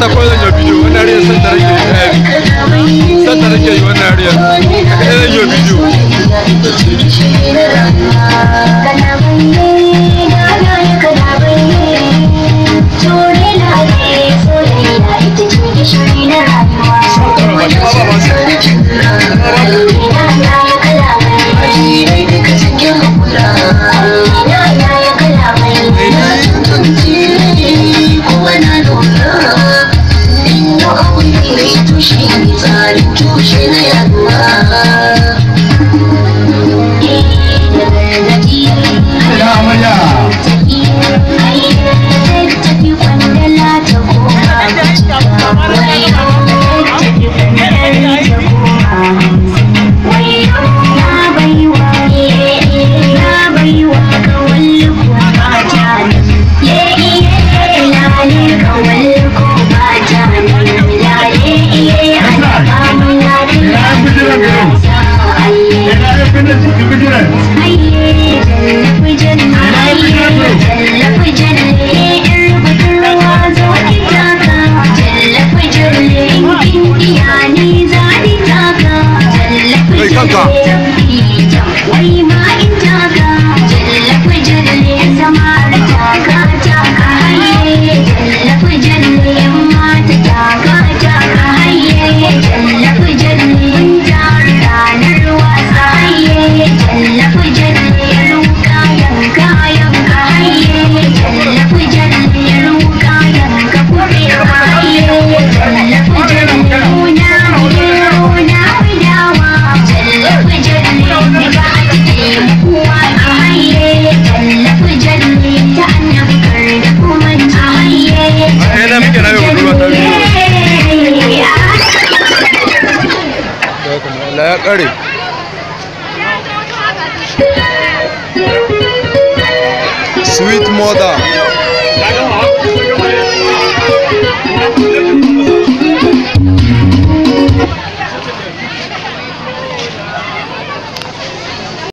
ta koyar da bidiyo wannan ariyar san da rake yi san da rake yi wannan ariyar ɗaya yi bidiyo Thank you. Don't you independence in Gujarat. Allah ya kare sweet mother